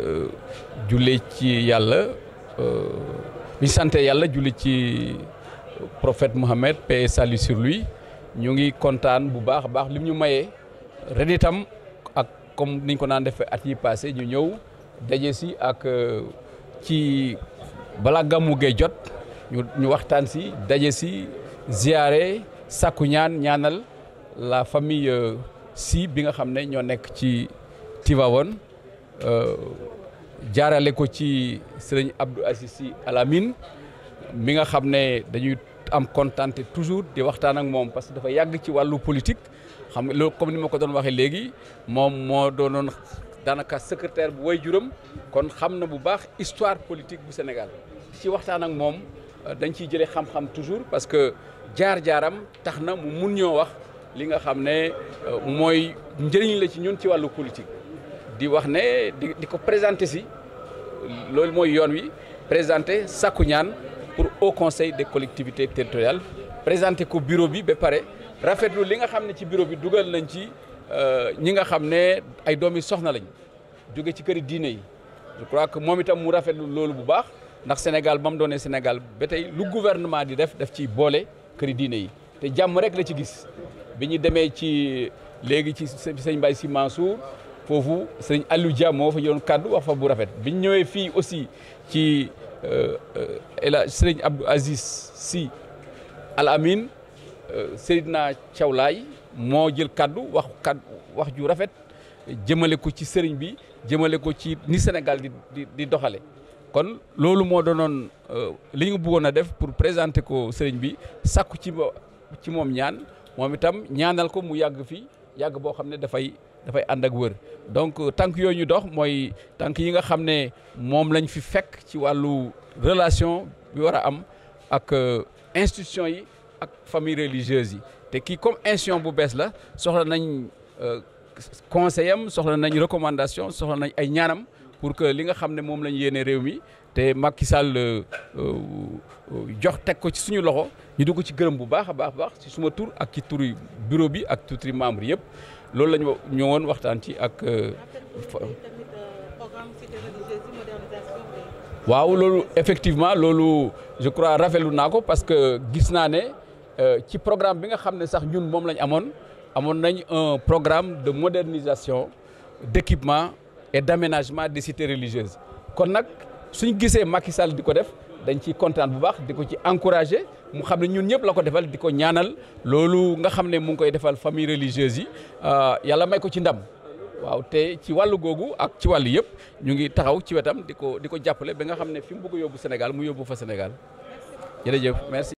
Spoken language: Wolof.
Euh, julli ci yàlla bi euh, sante yàlla jullit ci prophète Mohammed paix et salut ñu ngi kontaan bu baax a baax lim ñu mayee ren itam ak comme niñ ko naan defee at yi passé ñu ñëw daje si ak euh, ci balaa gàmmu gee jot ñu waxtaan si daje si ziyaare sàkku ñaan ñaanal la famille si bi nga xam ne ñoo nekk ci Tivaouane jaarale ko ci sëriñ Abdou Aziz Sy Al Amine mi nga xam ne dañuy am kontaan toujours di waxtaan ak moom parce que dafa yàgg ci wàllu politique xam nga loolu comme ni ma ko doon waxee léegi moom moo doonoon daanaka secrétaire bu waajuram kon xam na bu baax histoire politique bu Sénégal ci waxtaan ak moom dañ ciy jëlee xam-xam toujours parce que jaar-jaaram tax na mu mun ñoo wax li nga xam ne euh, mooy njëriñ la ci ñun ci wàllu politique. di wax ne di ko présenter si loolu mooy yoon wi présenter sàkku ñaan pour haut conseil de collectivité territoriales présenter ko bureau bi ba pare rafetlu li nga xam ne ci bureau bi dugal nañ ci euh, ñi nga xam ne ay doomi soxna lañ jóge ci këri diine yi je crois que moom itam mu rafetlu loolu bu baax ndax Sénégal ba mu doonee Sénégal ba tey lu gouvernement di def daf ci boole këri diine yi te jàmm rek la ci gis bi ñu demee ci léegi ci sëñ Mbaye Sy Mansour foofu sëriñ Aliou Dia moo fa yoon kàddu wax fa bu rafet biñ ñëwee fii aussi ci euh, El Hadj sëriñ Abdou Aziz Sy Al Amin euh, Seydina Thiawlaay moo jël kàddu wax ju rafet jëmale ko ci sëriñ bi jëmale ko ci ni Sénégal di di doxale kon loolu moo doonoon euh, li ñu bëggoon a def pour présenter ko sëriñ bi sàkku ci ci moom ñaan moom itam ñaanal ko mu yàgg fii yàgg boo xam ne dafay dafay ànd ak wër donc euh, tànk yooyu ñu dox mooy tànk yi nga xam ne moom lañ fi fekk ci wàllu relation bi war a am ak euh, institution yi ak famille religieuse yi te kii comme institution bu bees la soxla nañ euh, conseil am soxla nañ recommandation soxla nañ ay ñaanam pour que li nga xam ne moom lañ yéene réew mi te Macky Sall jox teg ko ci suñu loxo ñu di ci gërëm bu baax a baax baax ci suma tur ak ci turi bureau bi ak tutri membre yëpp loolu la ñu ñëwoon waxtaan ci ak. Euh, euh, waaw loolu effectivement loolu je crois rafetlu naa ko parce que gis naa ne euh, ci programme bi nga xam ne sax ñun moom la ñu amoon amoon nañ un programme de modernisation d'équipement et d'aménagement des cités religieuses kon nag suñ gisee Macky di ko def. dañ ciy kontaan bu baax di ko ci encouragé mu xam ne ñun ñëpp la ko defal di ko ñaanal loolu nga xam ne mu ngi koy defal famille religieuse yi euh, yàlla may ko ci ndam waaw te ci wàllu googu ak ci wàllu yëpp ñu ngi taxaw ci wetam di ko di ko jàppale ba nga xam ne fi mu bëgg yóbbu Sénégal mu yóbbu fa Sénégal jërëjëf merci.